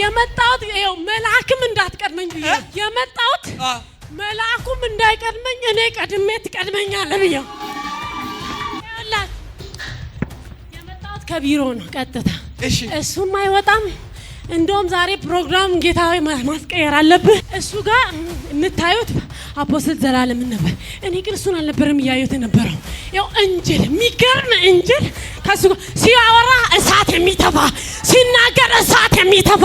የመጣሁት ይኸው መልአክም እንዳትቀድመኝ ብዬ የመጣሁት መልአኩም እንዳይቀድመኝ እኔ ቀድሜ ትቀድመኛለ ብዬ የመጣሁት ከቢሮ ነው ቀጥታ። እሱም አይወጣም። እንደውም ዛሬ ፕሮግራም ጌታዊ ማስቀየር አለብህ። እሱ ጋር የምታዩት አፖስትል ዘላለም ነበር። እኔ ግን እሱን አልነበረም እያየሁት የነበረው ያው እንጅል የሚገርም እንጅል ከሱ ሲያወራ እሳት የሚተፋ ሲናገር እሳት የሚተፋ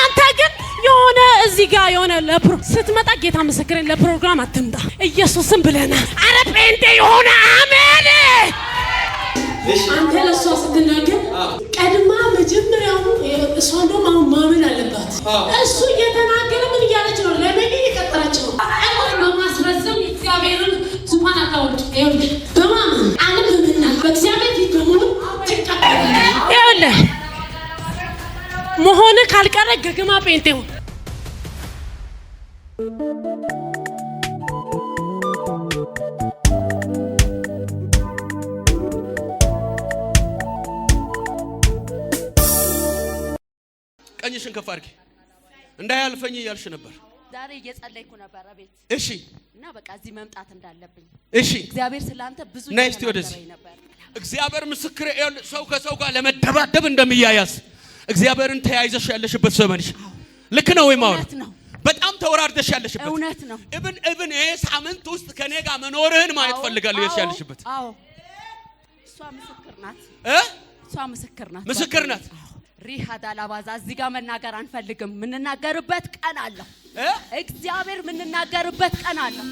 አንተ ግን የሆነ እዚህ ጋር የሆነ ለፕሮ ስትመጣ ጌታ ምስክሬን ለፕሮግራም አትምጣ። ኢየሱስን ብለና አረ ጴንጤ የሆነ አሜን አንተ ለእሷ ስትናገር ቀድማ መጀመሪያ ደግማ ጴንጤ ሁን። ቀኝሽን ከፍ አድርጊ። እንዳያልፈኝ እያልሽ ነበር። ዛሬ እየጸለይኩ ነበር ቤት። እሺ። እና በቃ እዚህ መምጣት እንዳለብኝ። እሺ። እግዚአብሔር ስላንተ ብዙ ነበር። እግዚአብሔር ምስክር ሰው ከሰው ጋር ለመደባደብ እንደሚያያዝ እግዚአብሔርን ተያይዘሽ ያለሽበት ዘመንሽ ልክ ነው ወይ ማለት ነው። በጣም ተወራርደሽ ያለሽበት እውነት ነው። እብን እብን ይሄ ሳምንት ውስጥ ከኔ ጋር መኖርህን ማየት ፈልጋለሁ። ይሄሽ ያለሽበት አዎ፣ እሷ ምስክር ናት እ እሷ ምስክር ናት፣ ምስክር ናት። ሪሃዳ ላባዛ እዚህ ጋር መናገር አንፈልግም። የምንናገርበት ቀን አለው እግዚአብሔር የምንናገርበት ቀን አለው።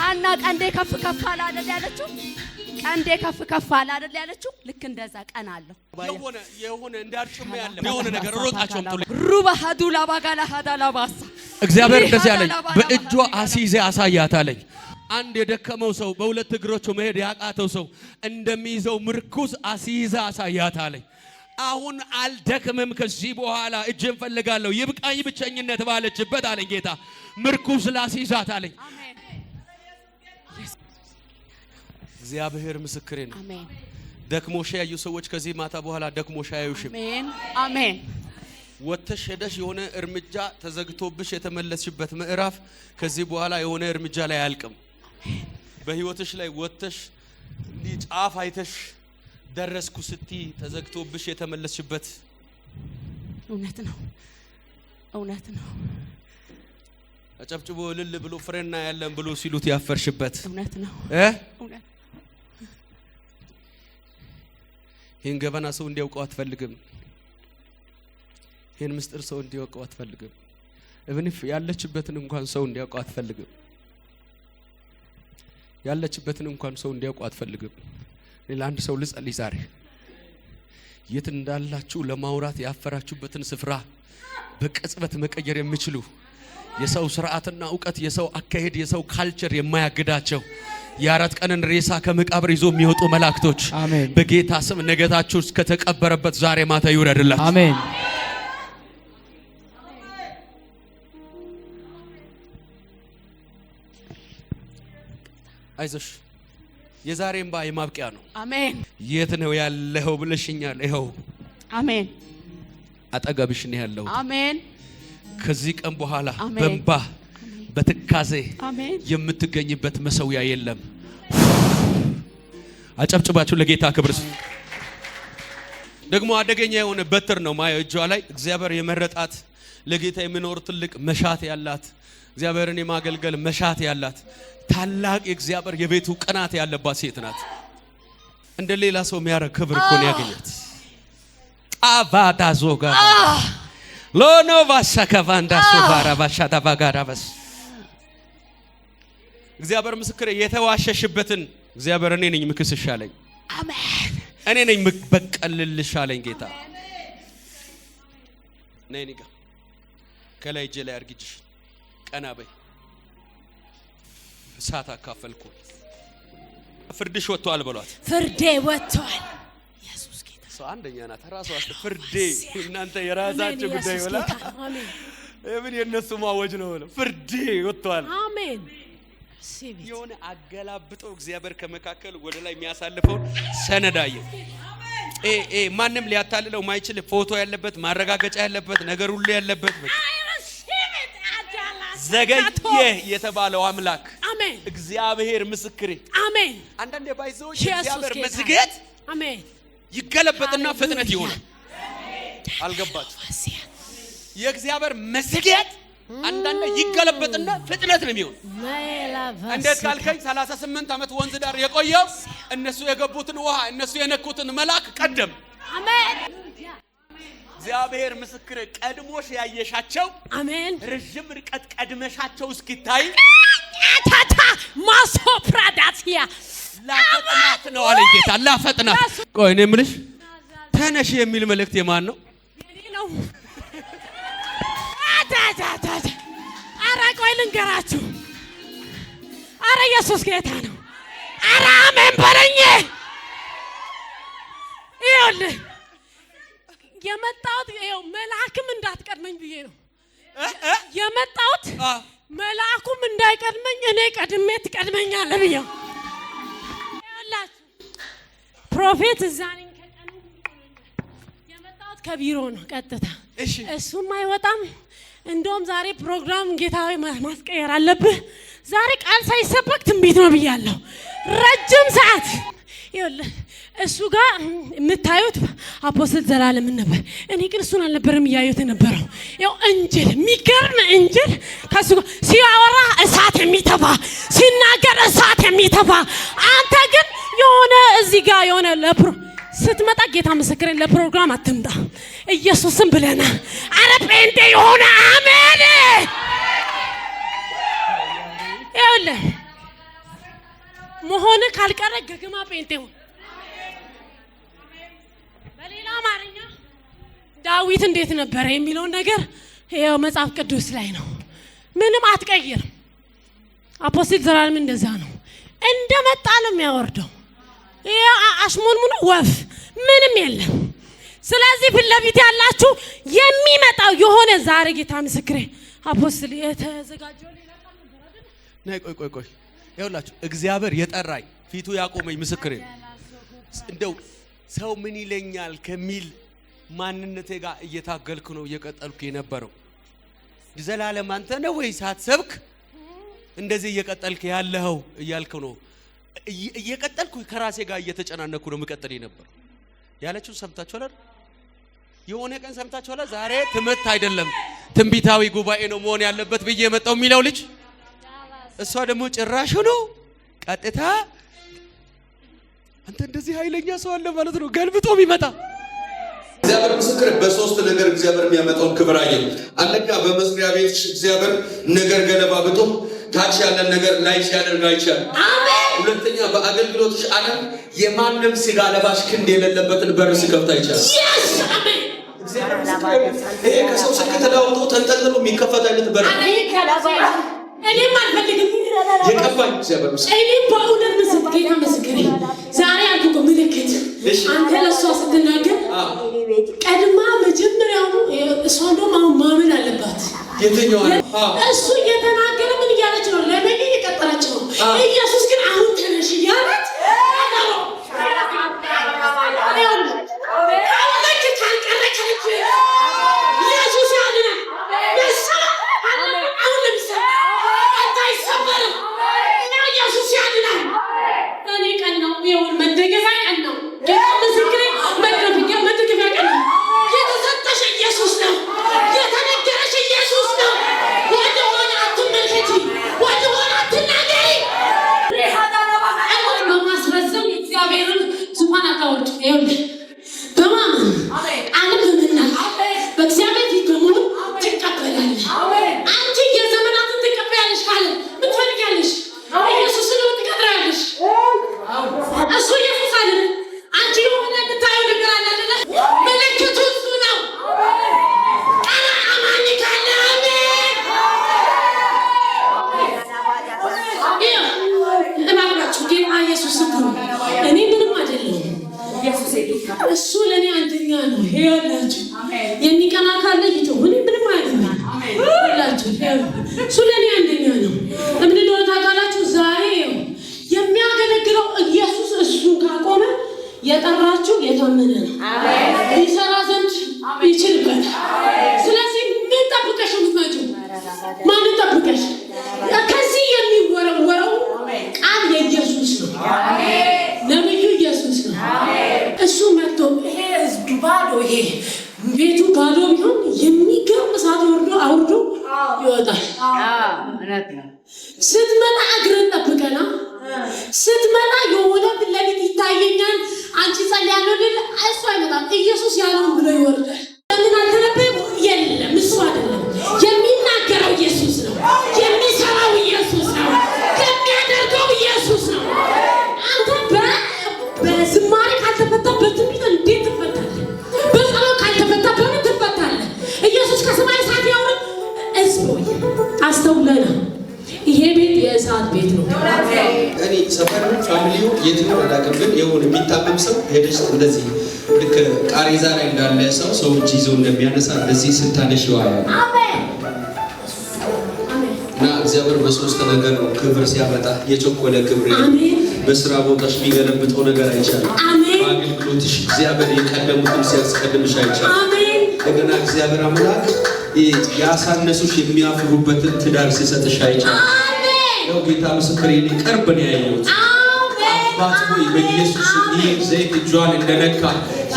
ሀና ቀንዴ ከፍ ከፍ አላለ ያለችው ቀንዴ ከፍ ከፍ አለ አይደል ያለችው። ልክ እንደዛ ቀን አለው የሆነ የሆነ እንዳርጭም ያለ የሆነ ነገር ሮጣቸው ሩባ ሀዱላ ባጋላ ሀዳላ ባሳ እግዚአብሔር እንደዚህ አለኝ፣ በእጇ አሲዜ አሳያት አለኝ። አንድ የደከመው ሰው በሁለት እግሮቹ መሄድ ያቃተው ሰው እንደሚይዘው ምርኩዝ አስይዛ አሳያት አለኝ። አሁን አልደክምም ከዚህ በኋላ እጄን ፈልጋለሁ፣ ይብቃኝ ብቸኝነት ባለችበት አለኝ ጌታ ምርኩዝ ላስይዛት አለኝ። እግዚአብሔር ምስክሬ ነው። አሜን። ደክሞሽ ያዩ ሰዎች ከዚህ ማታ በኋላ ደክሞሽ አያዩሽም። አሜን፣ አሜን። ወጥተሽ ሄደሽ የሆነ እርምጃ ተዘግቶብሽ የተመለስሽበት ምዕራፍ ከዚህ በኋላ የሆነ እርምጃ ላይ አያልቅም። በህይወትሽ ላይ ወጥተሽ ጫፍ አይተሽ ደረስኩ ስቲ ተዘግቶብሽ የተመለስሽበት እውነት ነው፣ እውነት ነው። አጨብጭቦ እልል ብሎ ፍሬና ያለን ብሎ ሲሉት ያፈርሽበት እውነት ነው። ይህን ገበና ሰው እንዲያውቀው አትፈልግም። ይህን ምስጢር ሰው እንዲያውቀው አትፈልግም። እብንፍ ያለችበትን እንኳን ሰው እንዲያውቀው አትፈልግም። ያለችበትን እንኳን ሰው እንዲያውቀው አትፈልግም። ለአንድ ሰው ልጸልይ ዛሬ የት እንዳላችሁ ለማውራት ያፈራችሁበትን ስፍራ በቅጽበት መቀየር የሚችሉ የሰው ስርዓትና እውቀት፣ የሰው አካሄድ፣ የሰው ካልቸር የማያግዳቸው የአራት ቀንን ሬሳ ከመቃብር ይዞ የሚወጡ መላእክቶች በጌታ ስም ነገታችሁ እስከተቀበረበት ዛሬ ማታ ይውረድላት። አሜን። አይዞሽ የዛሬ እምባ የማብቂያ ነው። አሜን። የት ነው ያለው ብለሽኛል። ይኸው አሜን። አጠገብሽ ነው ያለው። አሜን። ከዚህ ቀን በኋላ በእምባ በትካዜ የምትገኝበት መሰዊያ የለም። አጨብጭባችሁ ለጌታ ክብር። ደግሞ አደገኛ የሆነ በትር ነው ማየው እጇ ላይ እግዚአብሔር የመረጣት ለጌታ የሚኖር ትልቅ መሻት ያላት እግዚአብሔርን የማገልገል መሻት ያላት ታላቅ የእግዚአብሔር የቤቱ ቅናት ያለባት ሴት ናት። እንደ ሌላ ሰው የሚያደርግ ክብር እኮ ነው ያገኛት። ቃቫዳ ዞጋ ሎኖ ባሻከቫንዳ ሶባራ ባሻዳ ባጋዳ በስ እግዚአብሔር ምስክር የተዋሸሽበትን እግዚአብሔር እኔ ነኝ ምክስሽ አለኝ። አሜን። እኔ ነኝ ምበቀልልሽ አለኝ ጌታ። ነይ እኔ ጋር ከላይ እጄ ላይ አርግጅሽ ቀና በይ። እሳት አካፈልኩ። ፍርድሽ ወጥቷል በሏት። ፍርዴ ወጥቷል። ኢየሱስ ጌታ። ሰው አንደኛ ናት። ራሷ ፍርዴ እናንተ የራሳችሁ ጉዳይ ብላ ምን የነሱ ማወጅ ነው ብለው ፍርዴ ወጥቷል። አሜን የሆነ አገላብጦ እግዚአብሔር ከመካከል ወደ ላይ የሚያሳልፈውን ሰነድ አየሁ። ማንም ሊያታልለው ማይችል ፎቶ ያለበት ማረጋገጫ ያለበት ነገር ሁሉ ያለበት ዘገየ የተባለው አምላክ እግዚአብሔር ምስክሬ። አሜን። አንዳንድ ባይዘዎች እግዚአብሔር መዝገት አሜን ይገለበጥና ፍጥነት ይሆናል። አልገባችሁ? የእግዚአብሔር መዝገት አንዳንድ ይገለበጥና ፍጥነት ነው የሚሆን። እንዴት ካልከኝ 38 ዓመት ወንዝ ዳር የቆየው እነሱ የገቡትን ውሃ እነሱ የነኩትን መልአክ ቀደም። አሜን። እግዚአብሔር ምስክር ቀድሞሽ ያየሻቸው አሜን። ረዥም ርቀት ቀድመሻቸው እስኪታይ ታታ ማሶ ፕራዳሲያ ላፈጥናት ነው አለ ጌታ። ላፈጥናት ቆይ እኔ የምልሽ ተነሽ የሚል መልእክት የማን ነው? ልንገራችሁ። አረ ኢየሱስ ጌታ ነው። አረ አሜን በለኝ። ይኸውልህ የመጣሁት ይኸው መልአክም እንዳትቀድመኝ ብዬ ነው የመጣሁት። መልአኩም እንዳይቀድመኝ እኔ ቀድሜ ትቀድመኛለህ ብዬው ፕሮፌት እዛ ነኝ። ከቀኑ የመጣሁት ከቢሮ ነው ቀጥታ። እሱም አይወጣም እንደውም ዛሬ ፕሮግራም ጌታዊ ማስቀየር አለብህ። ዛሬ ቃል ሳይሰበክ ትንቢት ነው ብያለሁ። ረጅም ሰዓት እሱ ጋር የምታዩት አፖስትል ዘላለምን ነበር። እኔ ግን እሱን አልነበረም እያዩት የነበረው ያው እንጅል የሚገርም እንጅል ከሱ ጋር ሲያወራ እሳት የሚተፋ ሲናገር እሳት የሚተፋ አንተ ግን የሆነ እዚህ ጋር የሆነ ለፕሮ ስትመጣ ጌታ ምስክርን ለፕሮግራም አትምጣ፣ ኢየሱስን ብለና አረ ጴንጤ የሆነ አሜን። ይኸውልህ መሆን ካልቀረ ገግማ ጴንጤ ሁን። በሌላ አማርኛ ዳዊት እንዴት ነበረ የሚለውን ነገር ይኸው መጽሐፍ ቅዱስ ላይ ነው። ምንም አትቀይርም። አፖስቲል ዘላለም እንደዛ ነው። እንደመጣ ነው የሚያወርደው። ይሄ አሽሞንሙን ወፍ ምንም የለም። ስለዚህ ፊት ለፊት ያላችሁ የሚመጣው የሆነ ዛሬ ጌታ ምስክሬ አፖስትል የተዘጋጀው ነይ ቆይ ቆይ ቆይ ይኸውላችሁ እግዚአብሔር የጠራኝ ፊቱ ያቆመኝ ምስክሬ እንደው ሰው ምን ይለኛል ከሚል ማንነቴ ጋር እየታገልኩ ነው እየቀጠልኩ የነበረው ዘላለም አንተ ነው ወይ ሳትሰብክ እንደዚህ እየቀጠልክ ያለኸው እያልክ ነው እየቀጠልኩ ከራሴ ጋር እየተጨናነኩ ነው የምቀጥል የነበረው ያለችው ሰምታችሁ አላል የሆነ ቀን ሰምታችሁ አላል ዛሬ ትምህርት አይደለም ትንቢታዊ ጉባኤ ነው መሆን ያለበት ብዬ የመጣው የሚለው ልጅ እሷ ደግሞ ጭራሽ ነው ቀጥታ አንተ እንደዚህ ኃይለኛ ሰው አለ ማለት ነው ገልብጦ የሚመጣ እግዚአብሔር ምስክር በሶስት ነገር እግዚአብሔር የሚያመጣውን ክብር አየ። አንደኛ በመስሪያ ቤት እግዚአብሔር ነገር ገለባብጦ ታች ያለን ነገር ላይ ሲያደርግ አይቻል። ሁለተኛ በአገልግሎትሽ ዓለም የማንም ስጋ ለባሽ ክንድ የሌለበትን በር ስከፍት ይቻላል። ይሄ ከሰው ስልክ ተለዋውጦ ተንጠልጥሎ የሚከፈት አይነት በር አንተ ስትናገር ቀድማ መጀመሪያውኑ እሷ እንደውም አሁን ማመን አለባት። የትኛዋ እሱ እየተናገረ ምን እያለች ነው? ለምን እየቀጠረች ነው? እሱ ለእኔ አንደኛ ነው። እምድ እንደሆነ ታውቃላችሁ። ዛሬ የሚያገለግለው ኢየሱስ እሱ ካቆመ የጠራችሁ የታመነ ነው፣ ሊሰራ ዘንድ ይችልበታል። ስለዚህ ምን ጠብቀሽ ምትመጪ? ማን ጠብቀሽ? ከዚህ የሚወረወረው ቃል የኢየሱስ ነው። ነብዩ ኢየሱስ ነው። እሱ መጥቶ ይሄ ህዝቡ ባዶ ይሄ ቤቱ ባዶ ቢሆን የሚገርም እሳት ወርዶ አውርዶ ይወጣል። ስትመጣ እግርን ጠብቀና ስትመጣ የሆነ ፊት ለፊት ይታየኛል። አንቺ ጸልያለሁ ልል እሱ አይመጣም። ኢየሱስ ያለውን ብሎ ይወርዳል። ሰፈር ፋሚሊው የትም አላውቅም፣ ግን የሆነ የሚታመም ሰው ሄደች እንደዚህ ልክ ቃሬዛ ላይ እንዳለ ሰው ሰዎች ይዞ እንደሚያነሳ እንደዚህ ስታነሽ ይዋላል እና እግዚአብሔር በሶስት ነገር ነው ክብር ሲያመጣ የቸኮለ ክብር በስራ ቦታሽ የሚገለብጠው ነገር አይቻልም። በአገልግሎትሽ እግዚአብሔር የቀደሙትን ሲያስቀድምሽ አይቻልም። እንደገና እግዚአብሔር አምላክ ያሳነሱሽ የሚያፍሩበትን ትዳር ሲሰጥሽ አይቻልም። ነው ጌታ ምስክሬ እኔ ቅርብ ነው ያየሁት። አባት ሆይ በኢየሱስ ይህ ዘይት እጇን እንደነካ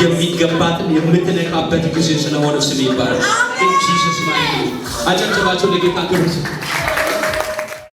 የሚገባትን የምትነካበት ጊዜ ስለሆነ ስም ይባላል። ጂሰስ ማለት አጨብጭባቸው ለጌታ ክብር